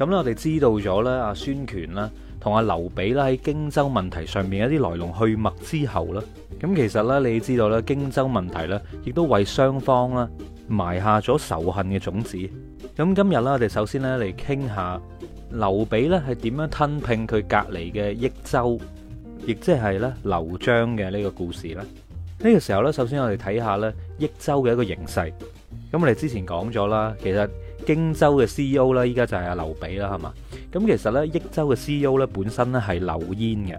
咁啦，我哋知道咗啦，阿孫權啦，同阿劉備啦喺荊州問題上面一啲來龍去脈之後啦，咁其實咧，你知道咧，荊州問題咧，亦都為雙方啦埋下咗仇恨嘅種子。咁今日啦，我哋首先咧嚟傾下劉備咧係點樣吞併佢隔籬嘅益州，亦即係咧劉璋嘅呢個故事咧。呢個時候咧，首先我哋睇下咧益州嘅一個形勢。咁我哋之前講咗啦，其實。荊州嘅 C E O 啦，依家就係阿劉備啦，係嘛？咁其實呢，益州嘅 C E O 呢本身呢係劉焉嘅。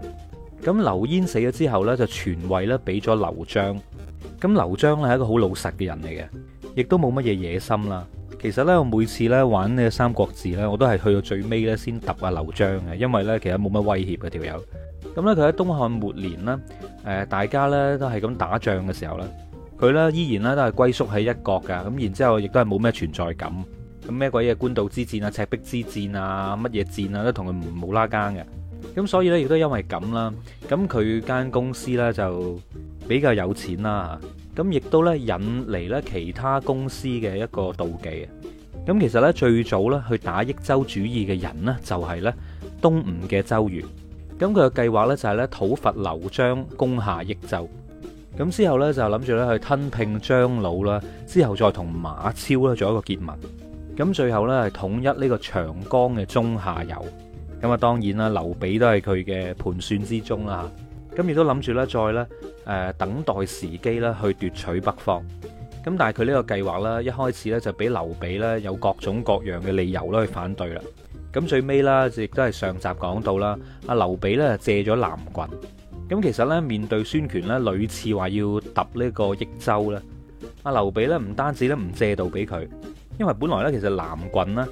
咁劉焉死咗之後呢，就傳位咧俾咗劉璋。咁劉璋呢係一個好老實嘅人嚟嘅，亦都冇乜嘢野心啦。其實呢，我每次呢玩呢三國志呢，我都係去到最尾呢先揼阿劉璋嘅，因為呢其實冇乜威脅嘅條友。咁呢，佢喺東漢末年呢，誒大家咧都係咁打仗嘅時候呢，佢呢依然呢都係歸宿喺一國噶咁，然之後亦都係冇咩存在感。咁咩鬼嘢，官渡之戰啊、赤壁之戰啊、乜嘢戰啊，都同佢冇拉更嘅。咁所以呢，亦都因為咁啦，咁佢間公司呢，就比較有錢啦。咁亦都呢，引嚟呢其他公司嘅一個妒忌。咁其實呢，最早呢去打益州主意嘅人呢，就係呢東吳嘅周瑜。咁佢嘅計劃呢，就係呢討伐劉璋，攻下益州。咁之後呢，就諗住呢去吞併張魯啦，之後再同馬超咧做一個結盟。咁最後咧係統一呢個長江嘅中下游，咁啊當然啦，劉備都係佢嘅盤算之中啦。咁亦都諗住咧再咧誒等待時機啦，去奪取北方。咁但係佢呢個計劃咧，一開始咧就俾劉備咧有各種各樣嘅理由咧去反對啦。咁最尾啦，亦都係上集講到啦，阿劉備咧借咗南郡。咁其實咧面對孫權咧屢次話要揼呢個益州咧，阿劉備咧唔單止咧唔借道俾佢。因為本來咧其實南郡咧，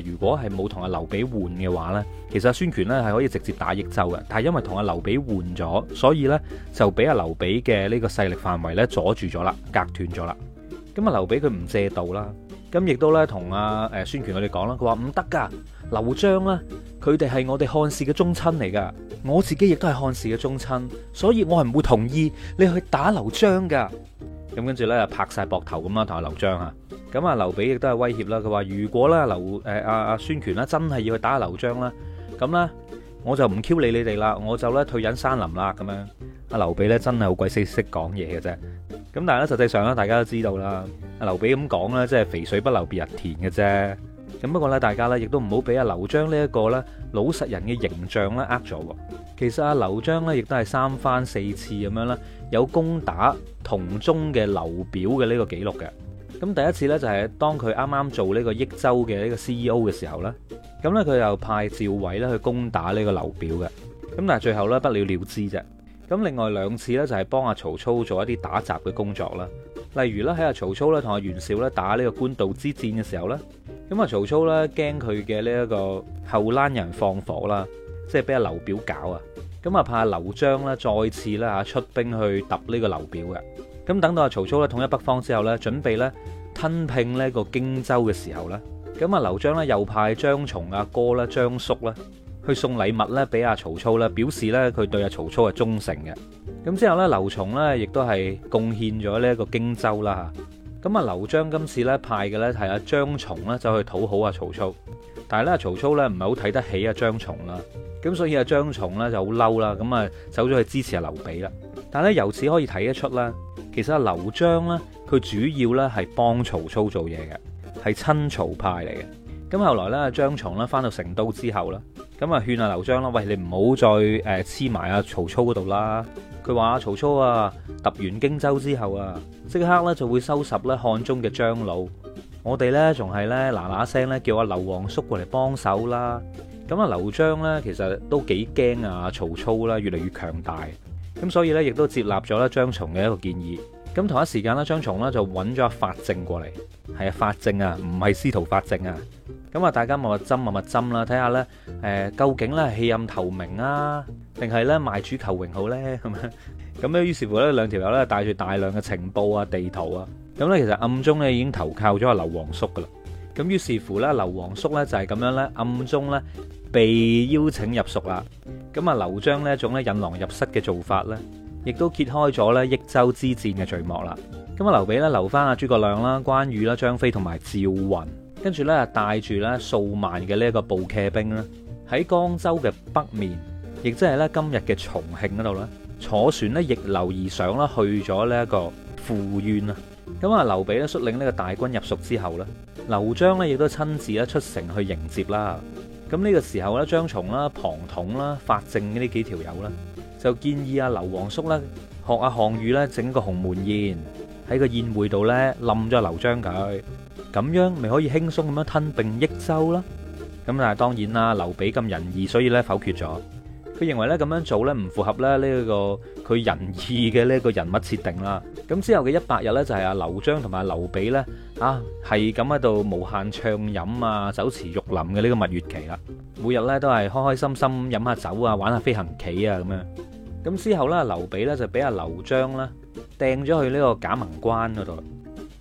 誒如果係冇同阿劉備換嘅話咧，其實阿孫權咧係可以直接打益州嘅。但係因為同阿劉備換咗，所以呢就俾阿劉備嘅呢個勢力範圍咧阻住咗啦，隔斷咗啦。咁阿劉備佢唔借道啦，咁亦都呢同阿誒孫權我哋講啦，佢話唔得噶。劉璋呢，佢哋係我哋漢氏嘅宗親嚟噶，我自己亦都係漢氏嘅宗親，所以我係唔會同意你去打劉璋噶。咁跟住呢，就拍晒膊頭咁啦，同阿劉張啊，咁啊，劉備亦都係威脅啦。佢話：如果呢，劉誒阿阿孫權啦，真係要去打阿劉張啦，咁呢，我就唔 Q 理你哋啦，我就呢退隱山林啦，咁樣。阿劉備呢真係好鬼識識講嘢嘅啫。咁但係咧，實際上呢，大家都知道啦。阿劉備咁講呢，即係肥水不流別人田嘅啫。咁不過咧，大家咧亦都唔好俾阿劉璋呢一個咧老實人嘅形象咧呃咗。其實阿劉璋咧，亦都係三番四次咁樣啦，有攻打同宗嘅劉表嘅呢個記錄嘅。咁第一次咧，就係當佢啱啱做呢個益州嘅呢個 C E O 嘅時候咧，咁咧佢又派趙偉咧去攻打呢個劉表嘅。咁但係最後咧不了了之啫。咁另外兩次咧，就係幫阿曹操做一啲打雜嘅工作啦，例如咧喺阿曹操咧同阿袁紹咧打呢個官渡之戰嘅時候咧。咁啊，曹操咧驚佢嘅呢一個後攬人放火啦，即係俾阿劉表搞啊。咁啊，派阿劉璋咧再次咧吓出兵去揼呢個劉表嘅。咁等到阿曹操咧統一北方之後咧，準備咧吞併呢個荊州嘅時候咧，咁啊劉璋咧又派張松啊哥咧張叔咧去送禮物咧俾阿曹操咧，表示咧佢對阿曹操係忠誠嘅。咁之後咧，劉琮咧亦都係貢獻咗呢一個荊州啦。咁啊，劉璋今次咧派嘅咧係阿張松咧走去討好啊曹操，但係咧曹操咧唔係好睇得起阿張松啦，咁所以阿張松咧就好嬲啦，咁啊走咗去支持阿劉備啦。但係咧由此可以睇得出啦，其實阿劉璋，咧佢主要咧係幫曹操做嘢嘅，係親曹派嚟嘅。咁後來咧，張松咧翻到成都之後啦，咁啊勸阿劉璋啦，喂，你唔好再誒黐埋阿曹操嗰度啦。佢話阿曹操啊，揼完荊州之後啊，即刻咧就會收拾咧漢中嘅張魯。我哋咧仲係咧嗱嗱聲咧叫阿劉皇叔過嚟幫手啦。咁啊劉璋咧其實都幾驚啊曹操啦，越嚟越強大。咁所以咧亦都接納咗咧張松嘅一個建議。咁同一時間咧，張松咧就揾咗阿法正過嚟，係啊，法正啊，唔係司徒法正啊。咁啊，大家密密針、密密針啦，睇下咧，誒，究竟咧係棄暗投明啊，定係咧賣主求榮好咧咁樣？咁咧，於是乎咧，兩條友咧帶住大量嘅情報啊、地圖啊，咁咧其實暗中咧已經投靠咗阿劉皇叔噶啦。咁於是乎咧，劉皇叔咧就係咁樣咧，暗中咧被邀請入蜀啦。咁啊，劉璋呢一種咧引狼入室嘅做法咧。亦都揭開咗咧益州之戰嘅序幕啦。咁啊，劉備咧留翻阿諸葛亮啦、關羽啦、張飛同埋趙雲，跟住呢帶住咧數萬嘅呢一個步騎兵咧，喺江州嘅北面，亦即係咧今日嘅重慶嗰度呢，坐船咧逆流而上啦，去咗呢一個涪縣啊。咁啊，劉備咧率領呢個大軍入蜀之後咧，劉璋咧亦都親自咧出城去迎接啦。咁、這、呢個時候咧，張松啦、龐統啦、法正呢啲幾條友啦。就建議阿劉皇叔咧，學阿項羽咧，整個鴻門宴，喺個宴會度咧，冧咗劉璋佢，咁樣咪可以輕鬆咁樣吞並益州啦。咁，但係當然啦，劉備咁仁義，所以咧否決咗，佢認為咧，咁樣做咧唔符合咧呢一個佢仁義嘅呢一個人物設定啦。咁之後嘅一百日咧，就係阿劉璋同埋阿劉備咧，啊係咁喺度無限暢飲，啊酒池肉林嘅呢個蜜月期啦，每日咧都係開開心心飲下酒啊，玩下飛行棋啊咁樣。咁之後咧，劉備咧就俾阿劉璋咧掟咗去呢個葭萌關嗰度，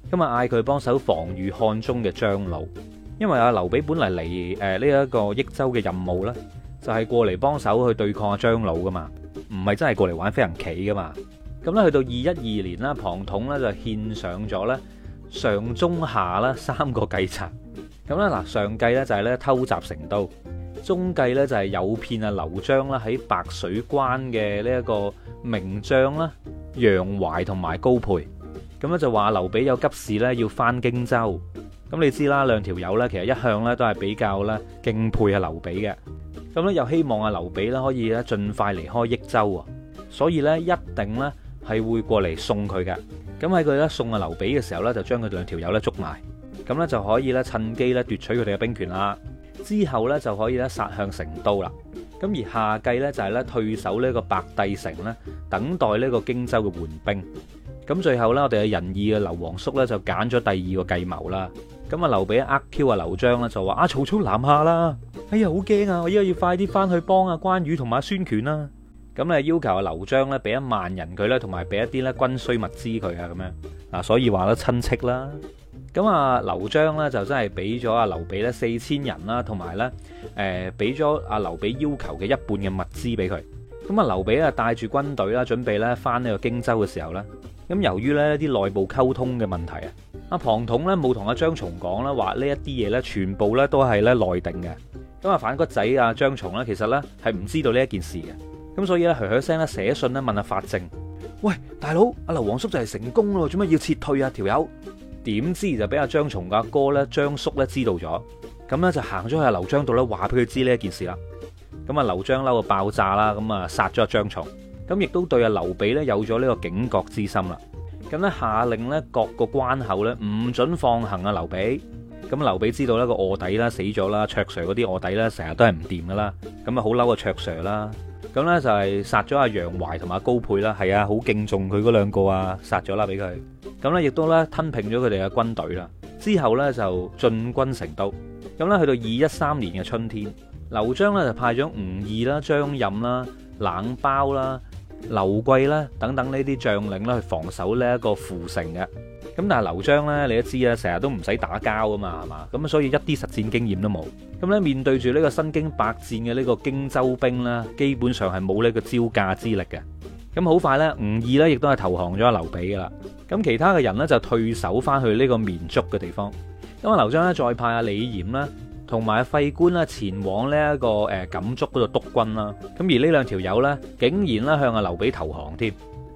咁啊嗌佢幫手防禦漢中嘅張魯。因為阿劉備本嚟嚟誒呢一個益州嘅任務咧，就係過嚟幫手去對抗阿張魯噶嘛，唔係真係過嚟玩飛行棋噶嘛。咁咧去到二一二年啦，龐統咧就獻上咗咧上中下啦三個計策。咁咧嗱，上計咧就係咧偷襲成都。中計咧就係誘騙啊劉璋啦喺白水關嘅呢一個名將啦楊懷同埋高沛，咁咧就話劉備有急事咧要翻荊州，咁你知啦兩條友咧其實一向咧都係比較咧敬佩啊劉備嘅，咁咧又希望啊劉備咧可以咧盡快離開益州啊，所以咧一定咧係會過嚟送佢嘅，咁喺佢咧送啊劉備嘅時候咧就將佢兩條友咧捉埋，咁咧就可以咧趁機咧奪取佢哋嘅兵權啦。之後咧就可以咧殺向成都啦。咁而下計呢，就係咧退守呢個白帝城咧，等待呢個荊州嘅援兵。咁最後呢，我哋嘅仁義嘅劉皇叔呢，就揀咗第二個計謀啦。咁啊，劉備阿 Q 啊劉璋就話啊曹操南下啦，哎呀好驚啊，我依家要快啲翻去幫阿關羽同埋孫權啦，啊。咁要求啊劉璋咧俾一萬人佢咧，同埋俾一啲咧軍需物資佢啊咁樣。嗱，所以話咧親戚啦。咁啊，劉璋咧就真係俾咗阿劉備咧四千人啦，同埋咧誒俾咗阿劉備要求嘅一半嘅物資俾佢。咁啊，劉備啊帶住軍隊啦，準備咧翻呢個荊州嘅時候咧，咁由於咧啲內部溝通嘅問題啊，阿龐統咧冇同阿張松講啦，話呢一啲嘢，咧全部咧都係咧內定嘅。咁啊，反骨仔阿張松咧其實咧係唔知道呢一件事嘅。咁所以咧，嘘嘘聲咧寫信咧問阿法正：「喂，大佬，阿劉皇叔就係成功咯，做乜要撤退啊，條友？」點知就俾阿張松嘅阿哥咧張叔咧知道咗，咁咧就行咗去阿劉璋度咧話俾佢知呢一件事啦，咁啊，劉璋嬲個爆炸啦，咁啊殺咗阿張松，咁亦都對阿劉備咧有咗呢個警覺之心啦，咁咧下令咧各個關口咧唔准放行阿劉備，咁劉備知道呢個臥底啦死咗啦，卓 Sir 嗰啲臥底啦成日都係唔掂噶啦，咁啊好嬲阿卓 Sir 啦。咁呢就係殺咗阿楊懷同埋高沛啦，係啊，好敬重佢嗰兩個啊，殺咗啦俾佢。咁呢亦都咧吞併咗佢哋嘅軍隊啦。之後呢就進軍成都。咁呢去到二一三年嘅春天，劉璋呢就派咗吳義啦、張任啦、冷苞啦、劉貴啦等等呢啲將領呢去防守呢一個涪城嘅。咁但係劉璋咧，你都知啦，成日都唔使打交啊嘛，係嘛，咁所以一啲實戰經驗都冇。咁咧面對住呢個身經百戰嘅呢個荊州兵啦，基本上係冇呢個招架之力嘅。咁好快咧，吳二咧亦都係投降咗劉備噶啦。咁其他嘅人呢，就退守翻去呢個綿竹嘅地方。咁啊劉璋呢再派阿李嚴啦，同埋阿費觀啦前往呢一個誒錦竹嗰度督軍啦。咁而呢兩條友呢，竟然咧向阿劉備投降添。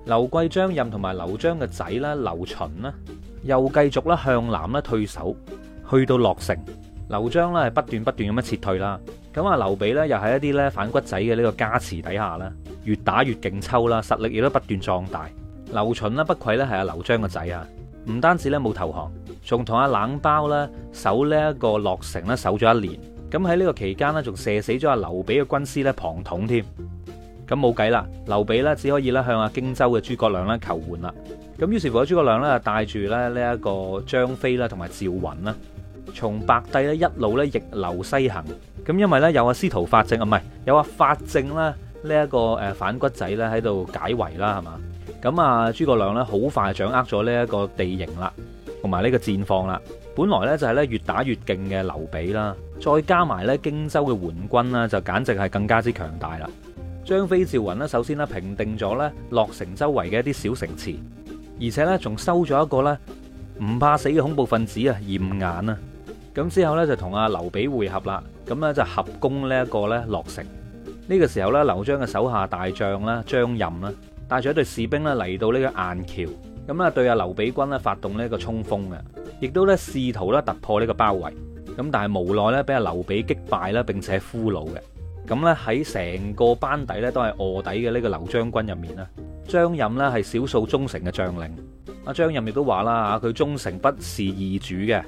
劉貴張任同埋劉璋嘅仔啦，劉循啦，又繼續啦向南啦退守，去到雒城。劉璋啦係不斷不斷咁樣撤退啦。咁啊，劉備咧又喺一啲咧反骨仔嘅呢個加持底下啦，越打越勁抽啦，實力亦都不斷壯大。劉循啦不愧咧係阿劉璋嘅仔啊，唔單止咧冇投降，仲同阿冷苞咧守呢一個雒城咧守咗一年。咁喺呢個期間咧仲射死咗阿劉備嘅軍師咧龐統添。咁冇計啦，劉備呢只可以咧向阿荊州嘅諸葛亮咧求援啦。咁於是乎，阿諸葛亮咧帶住咧呢一個張飛啦，同埋趙雲啦，從白帝咧一路咧逆流西行。咁因為咧有阿司徒法正啊，唔係有阿法正啦呢一個誒反骨仔咧喺度解圍啦，係嘛。咁啊，諸葛亮咧好快掌握咗呢一個地形啦，同埋呢個戰況啦。本來咧就係咧越打越勁嘅劉備啦，再加埋咧荊州嘅援軍啦，就簡直係更加之強大啦。張飛、趙雲首先咧平定咗咧洛城周圍嘅一啲小城池，而且咧仲收咗一個咧唔怕死嘅恐怖分子啊，嚴顏啊，咁之後就同阿劉備會合啦，咁就合攻呢一個咧洛城。呢、這個時候咧，劉璋嘅手下大將啦張任啦，帶住一隊士兵咧嚟到呢個雁橋，咁咧對阿劉備軍咧發動呢一個衝鋒嘅，亦都咧試圖突破呢個包圍，咁但係無奈咧俾阿劉備擊敗啦，並且俘虜嘅。咁咧喺成個班底咧都係臥底嘅呢個劉將軍入面啦，張任咧係少數忠誠嘅將領。阿張任亦都話啦，佢忠誠不事二主嘅，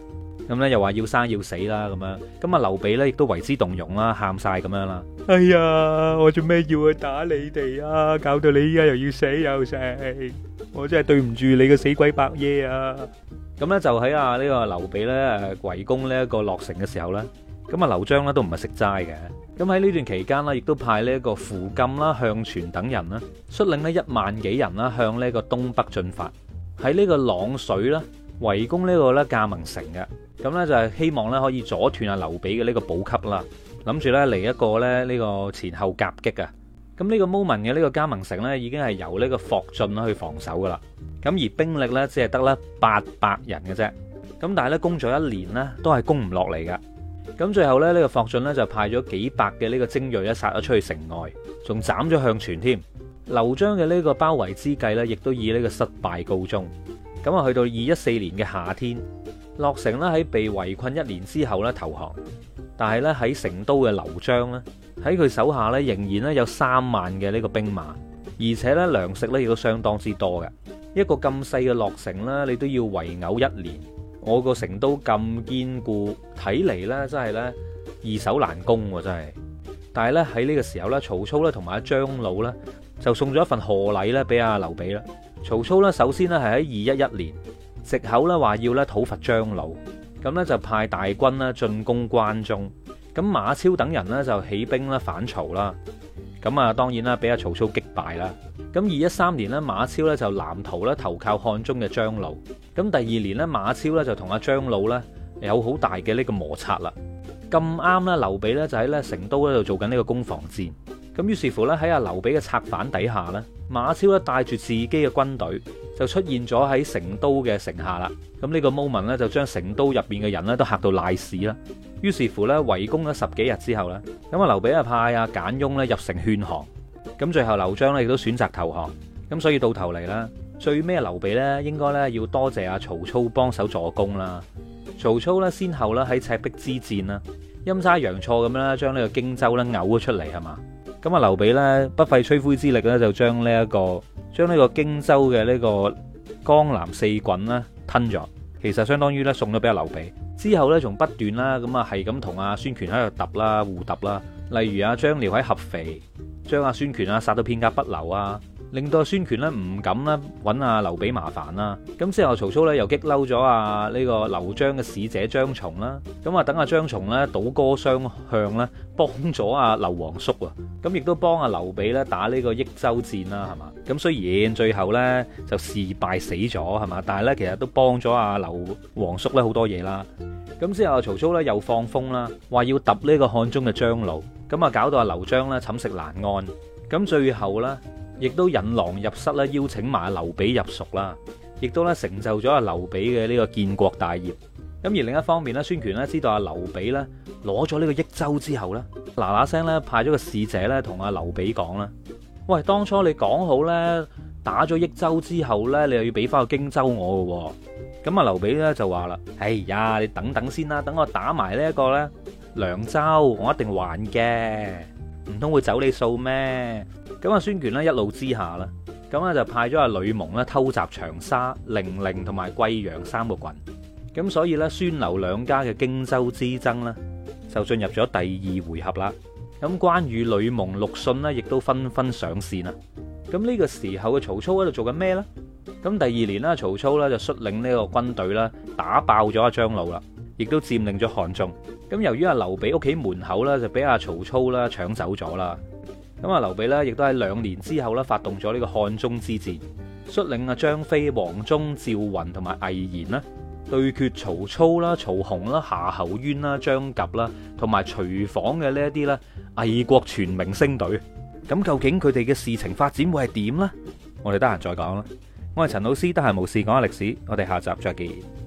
咁咧又話要生要死啦咁樣。咁啊，劉備咧亦都為之動容啦，喊晒咁樣啦。哎呀，我做咩要去打你哋啊？搞到你依家又要死又剩，我真係對唔住你個死鬼伯爺啊！咁咧就喺啊呢個劉備咧圍攻呢一個洛城嘅時候咧，咁啊劉璋咧都唔係食齋嘅。咁喺呢段期間呢，亦都派呢一個扶禁啦、向存等人啦率領呢一萬幾人啦，向呢個東北進發，喺呢個閬水啦圍攻呢個咧葭萌城嘅。咁咧就係希望咧可以阻斷啊劉備嘅呢個補給啦，諗住咧嚟一個咧呢個前後夾擊啊。咁呢個 moment 嘅呢個葭萌城呢，已經係由呢個霍峻去防守噶啦。咁而兵力咧只係得咧八百人嘅啫。咁但係咧攻咗一年呢都係攻唔落嚟嘅。咁最後咧，呢個霍峻呢，就派咗幾百嘅呢個精銳咧殺咗出去城外，仲斬咗向存添。劉璋嘅呢個包圍之計呢，亦都以呢個失敗告終。咁啊，去到二一四年嘅夏天，洛城呢，喺被圍困一年之後呢投降，但係呢，喺成都嘅劉璋呢，喺佢手下呢，仍然呢有三萬嘅呢個兵馬，而且呢，糧食呢亦都相當之多嘅。一個咁細嘅洛城呢，你都要圍毆一年。我個成都咁堅固，睇嚟咧真係咧易守難攻喎，真係。但係咧喺呢個時候咧，曹操咧同埋張魯咧就送咗一份賀禮咧俾阿劉備啦。曹操咧首先咧係喺二一一年，借口咧話要咧討伐張魯，咁咧就派大軍咧進攻關中，咁馬超等人咧就起兵咧反曹啦。咁啊，當然啦，俾阿曹操擊敗啦。咁二一三年呢，馬超呢就南逃咧，投靠漢中嘅張魯。咁第二年呢，馬超呢就同阿張魯呢有好大嘅呢個摩擦啦。咁啱啦，劉備呢就喺呢成都呢度做緊呢個攻防戰。咁於是乎呢，喺阿劉備嘅策反底下呢，馬超呢帶住自己嘅軍隊就出現咗喺成都嘅城下啦。咁、這、呢個 moment 呢，就將成都入面嘅人呢都嚇到賴屎啦。於是乎咧，圍攻咗十幾日之後咧，咁啊，劉備啊派阿簡雍咧入城勸降，咁最後劉璋咧亦都選擇投降，咁所以到頭嚟最尾啊，劉備咧應該咧要多謝阿曹操幫手助攻啦，曹操咧先後咧喺赤壁之戰啦，陰差陽錯咁啦，將呢個荊州咧嘔咗出嚟係嘛，咁啊，劉備咧不費吹灰之力咧就將呢一個將呢個荊州嘅呢個江南四郡吞咗，其實相當於咧送咗俾阿劉備。之後呢，仲不斷啦，咁啊係咁同阿孫權喺度揼啦，互揼啦。例如阿張遼喺合肥將阿孫權啊殺到片甲不留啊。令到啊，孫權咧唔敢咧揾阿劉備麻煩啦。咁之後，曹操咧又激嬲咗啊呢個劉璋嘅使者張松啦。咁啊，等阿張松咧倒戈相向咧，幫咗阿劉皇叔啊。咁亦都幫阿劉備咧打呢個益州戰啦，係嘛？咁雖然最後咧就事敗死咗係嘛，但係咧其實都幫咗阿劉皇叔咧好多嘢啦。咁之後，曹操咧又放風啦，話要揼呢個漢中嘅張魯。咁啊，搞到阿劉璋咧寢食難安。咁最後咧，亦都引狼入室啦，邀請埋阿劉備入蜀啦，亦都咧成就咗阿劉備嘅呢個建國大業。咁而另一方面咧，孫權咧知道阿劉備咧攞咗呢個益州之後咧，嗱嗱聲咧派咗個使者咧同阿劉備講啦：，喂，當初你講好咧打咗益州之後咧，你又要俾翻個荊州我嘅。咁啊，劉備咧就話啦：，哎呀，你等等先啦，等我打埋呢一個咧涼州，我一定還嘅。唔通會走你數咩？咁阿孫權咧一怒之下啦，咁咧就派咗阿呂蒙咧偷襲長沙、零陵同埋桂陽三個郡。咁所以呢，孫劉兩家嘅荊州之爭呢，就進入咗第二回合啦。咁關羽、呂蒙、陸遜呢，亦都紛紛上線啦。咁、這、呢個時候嘅曹操喺度做緊咩呢？咁第二年呢，曹操呢就率領呢個軍隊啦，打爆咗阿張魯啦。亦都佔領咗漢中，咁由於阿劉備屋企門口啦，就俾阿曹操啦搶走咗啦，咁阿劉備呢，亦都喺兩年之後咧，發動咗呢個漢中之戰，率領阿張飛、黃忠、趙雲同埋魏延啦，對決曹操啦、曹洪啦、夏侯淵啦、張郃啦，同埋徐晃嘅呢一啲啦魏國全明星隊，咁究竟佢哋嘅事情發展會係點呢？我哋得閒再講啦，我係陳老師，得閒無事講下歷史，我哋下集再見。